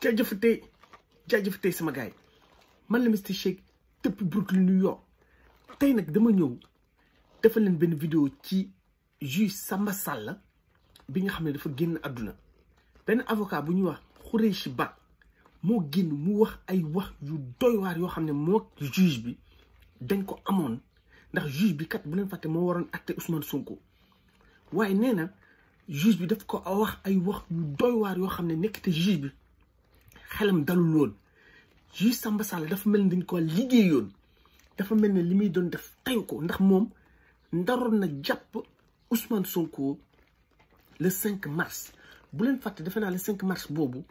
jaajëfatee jaajëfatee sama gars man la Mister Shake depuis Brooklyn New tey nag dama ñëw defal leen benn vidéo ci juge Samba Sall bi nga xam ne dafa génn àdduna benn avocat bu ñuy wax Khoureychi moo génn mu wax ay wax yu doy yoo xam ne moo juge bi dañ ko amoon ndax juge bi kat bu leen fàtte moo waroon atte Ousmane Sonko waaye nee na juge bi daf ko wax ay wax yu doy waar yoo xam ne nekk te juge bi xelam dalul woon yi Samba Sall dafa mel ni dañ ko liggéey yoon dafa mel ne li muy doon def tey ndax moom ndaroon na jàpp Ousmane Sonko le 5 mars bu leen fàtte defe naa le 5 mars boobu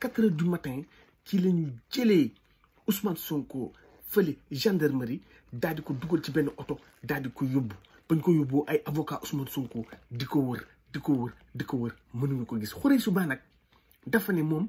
4 heures du matin ci la ñu jëlee Ousmane Sonko fële gendarmerie daal di ko dugal ci benn oto daadi ko yóbbu bañ ko yóbbu ay avocat Ousmane Sonko di ko wër di ko wër di ko wër mënuñu ko gis xuree subaa nag dafa ne moom.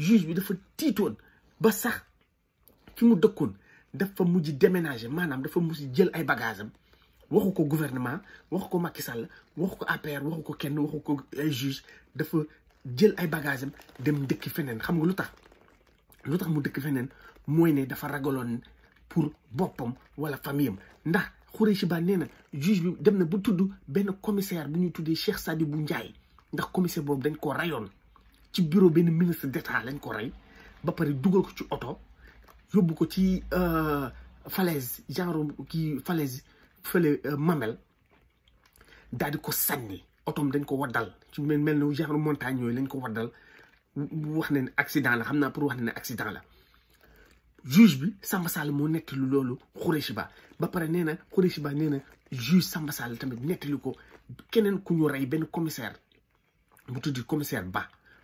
juge bi dafa tiitoon ba sax ki mu dëkkoon dafa mujj déménager maanaam dafa mujj jël ay bagages waxu ko gouvernement waxu ko Macky Sall waxu ko APR waxu ko kenn waxu ko ay juge dafa jël ay bagages am dem dëkk feneen xam nga lu tax lu tax mu dëkk feneen mooy ne dafa ragaloon pour boppam wala famille am ndax Khoureychi Ba nee na juge bi dem na bu tudd benn commissaire bu ñuy tuddee Cheikh Sadibou Ndiaye ndax commissaire boobu dañ koo rayoon. ci bureau ben ministre d'état lañ ko ray ba paré dugal ko ci auto yóbbu ko ci euh, falaise genre ki falaise fele euh, mamel daal di ko sànni otom dañ ko wadal ci melni genre montagne yooyu lañ ko wadal wax ne accident la xamna pour wax ne accident la juge bi Samba Sall moo nettali loolu Khoureychi Ba ba pare nee na Khoureychi juge Samba Sall tamit nettali ko kenen ku ñu ray ben commissaire bu tuddi commissaire Ba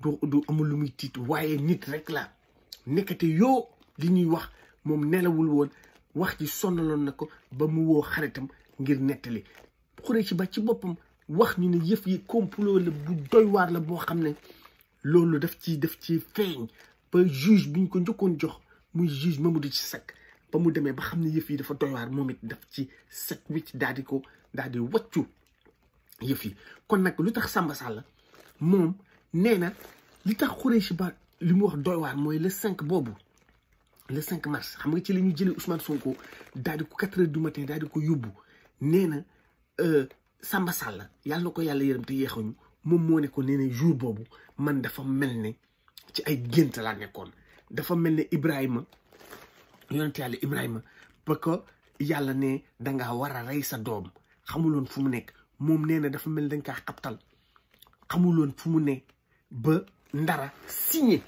du du amul lu muy tiit waaye nit rek la nekkate yoo li ñuy wax moom nelawul woon wax ji sonnaloon na ko ba mu woo xaritam ngir nettali xuree ci ba ci boppam wax ñu ne yëf yi complot la bu doy la boo xam ne loolu daf ci daf ci feeñ ba juge bi ñu ko njëkkoon jox muy juge ci Seck ba mu demee ba xam ne yëf yi dafa doy waar moom it daf ci set wicc daal di ko daal di wàccu yëf yi kon nag lu tax Samba Sall moom nee na li tax Khoureychi Ba li mu wax doy waar mooy le 5 boobu le 5 mars xam nga ci la ñuy jëlee Ousmane Sonko daal di ko 4 heures du matin daal di ko yóbbu nee na euh, Samba Sall yàlla na ko yàlla yërëm te yeexuñu moom moo ne ko jour boobu man dafa mel ne ci ay gént laa nekkoon dafa mel ne Ibrahima yonent yàlla Ibrahima ba ko yàlla ne danga ngaa war rey sa doom xamuloon fu mu nekk moom nee na dafa mel ne da nga kaa xabtal xamuloon fu mu nekk ba ndara signé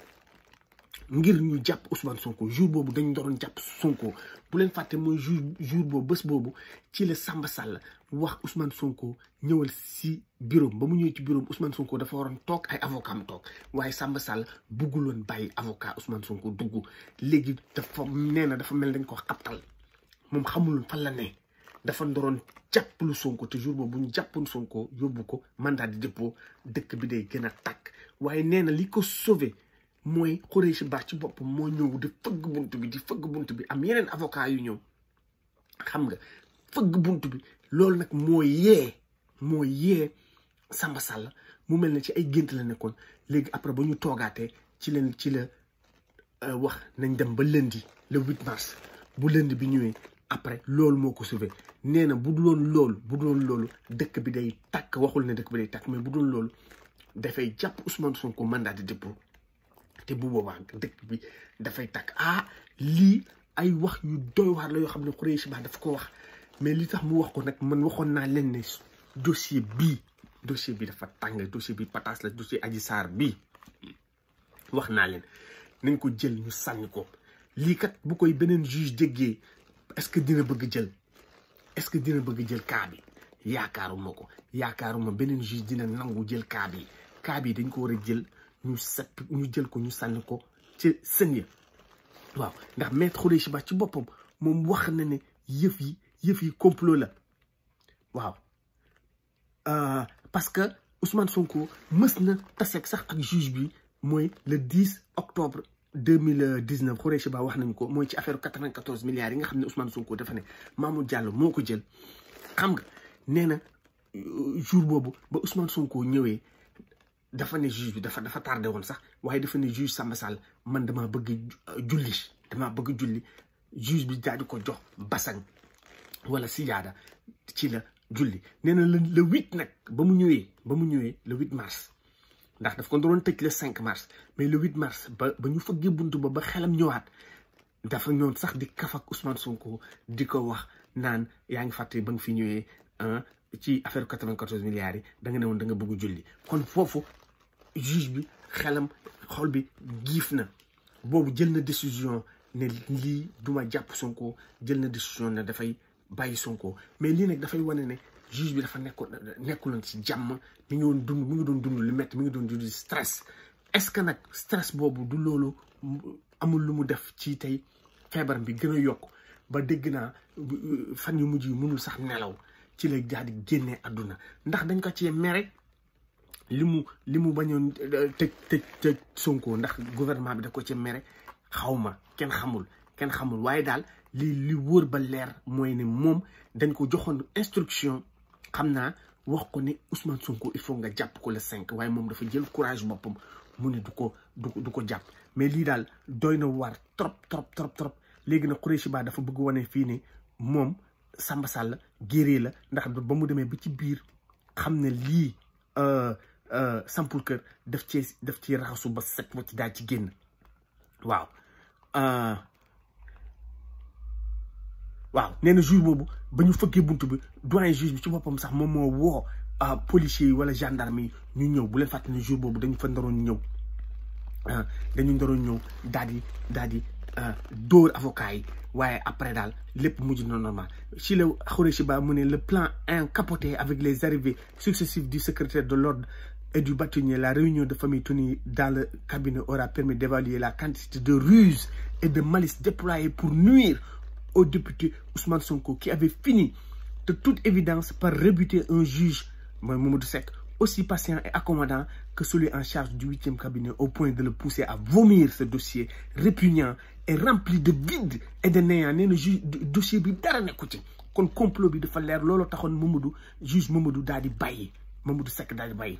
ngir ñu jàpp Ousmane Sonko jour boobu dañ doon jàpp Sonko bu leen fàtte mooy jour jour boobu bés boobu ci la Samba Sall wax Ousmane Sonko ñëwal si bureau ba mu ñëwee ci bureau Ousmane Sonko dafa waroon toog ay avocat mu toog waaye Samba Sall bugguloon bàyyi avocat Ousmane Sonko dugg léegi dafa nee na dafa mel dañ ko xabtal moom xamuloon fan la ne dafa ndoroon jàppalu Sonko te jour boobu bu ñu jàppoon Sonko yóbbu ko mandat de dépôt dëkk bi day gën a tàkk waaye nee na li ko sauvé mooy Khoureychi Ba ci bopp moo ñëw di fëgg bunt bi di fëgg bunt bi am yeneen avocat yu ñëw xam nga fëgg bunt bi loolu nag moo yee moo yee Samba salla mu mel ne ci ay gént la nekkoon léegi après ba ñu toogaatee ci leen ci la euh, wax nañ dem ba lundi le 8 mars bu lundi bi ñëwee après loolu moo ko sauvé nee na bu doon loolu bu doon loolu dëkk bi day tàkk waxul ne dëkk bi day tàkk mais bu doon loolu dafay jàpp Ousmane Sonko mandat de dépôt te bu boobaa dëkk bi dafay takk ah lii ay wax yu doy waar la yoo xam ne Khoureychi Ba dafa ko wax mais li tax mu wax ko nag man waxoon naa leen ne dossier bii dossier bi dafa tàng dossier bi pataas la dossier Adji saar bii wax naa leen nañ ko jël ñu sànni ko lii kat bu koy beneen juge jéggee est-ce que dina bëgg jël est-ce que dina bëgg jël cas bi yaakaaruma ko yaakaaruma beneen juge dina nangu jël cas bi kaa bii dañ ko war a jël ñu set ñu jël ko ñu sànni ko ci sën ya waaw ndax maître Khoureychi Ba ci boppam moom wax na ne yëf yi yëf yi complot la waaw euh, parce que Ousmane Sonko mës na taseeg sax ak juge bi mooy le 10 octobre 2019 Khoureychi Ba wax nañu ko mooy ci affaire 94 milliards yi nga xam ne Ousmane Sonko dafa ne Mamour Diallo moo ko jël xam nga nee na euh, jour boobu ba Ousmane Sonko ñëwee dafa ne juge bi dafa dafa tardé woon sax waaye dafa ne juge Samba Sall man dama bëgg euh, julli dama bëgg julli juge bi daal di ko jox basan wala sijaada ci la julli nee na le huit nag ba mu ñëwee ba mu ñëwee le huit mars ndax daf ko doon tëj le cinq mars mais le huit mars ba ba ñu fëggee buntu ba ba xelam ñëwaat dafa ñoom sax di kaf ak Ousmane Sonko di ko wax naan yaa ngi fàtte ba nga fi ñëwee ci affaire 94 milliards yi da nga ne woon da nga bëgg julli juge bi xelam xol bi giif na boobu jël na décision ne lii duma jàpp Sonko jël na décision ne dafay bàyyi Sonko mais lii nag dafay wane ne juge bi dafa nekkoon nekkuloon si jàmm mi ngi doon dund ngi doon dund lu métti mu ngi doon dund stress est-ce que nag stress boobu du loolu amul lu mu def ci tey feebar bi gën a yokk ba dégg naa fan yu mujj yi mënul sax nelaw ci lay daal di génnee àdduna ndax dañ ko ci mere li mu li mu bañoon euh, tëj tëj tëj Sonko ndax gouvernement bi da ko ci mere xaw ma kenn xamul kenn xamul waaye daal li li wóor ba leer mooy ne moom dañ ko joxoon instruction xam naa wax ko ne Ousmane Sonko il faut nga jàpp ko le cinq waaye moom dafa jël courage boppam mu ne du ko du du ko jàpp mais lii daal doy na waar trop trop trop trop léegi nag Khoureyssi dafa bëgg wane fii ne moom Samba Sall guerrier la ndax ba mu demee ba ci biir xam ne lii euh, Euh, sampul kër def cee def ci wow ba wow wow ci wow. ci guen waaw euh, waaw nee jour bobu bañu bi doyen juge bi ci bopam sax mom euh, policiers policier wala gendarme ñu ñew bu leen fàttali ne jour bobu dañu fa ñew euh dañu ndaron normal ci le plan incapoté avec les arrivées successives du secrétaire de l'ordre et du bâtonnier, la réunion de famille Tony dans le cabinet aura permis d'évaluer la quantité de ruses et de malice déployées pour nuire au député Ousmane Sonko qui avait fini de toute évidence par rebuter un juge, Mohamed Sek, aussi patient et accommodant que celui en charge du 8e cabinet au point de le pousser à vomir ce dossier répugnant et rempli de vide et de néant. Le dossier bi dara kon complot bi de juge Dadi Baye. Dadi Baye.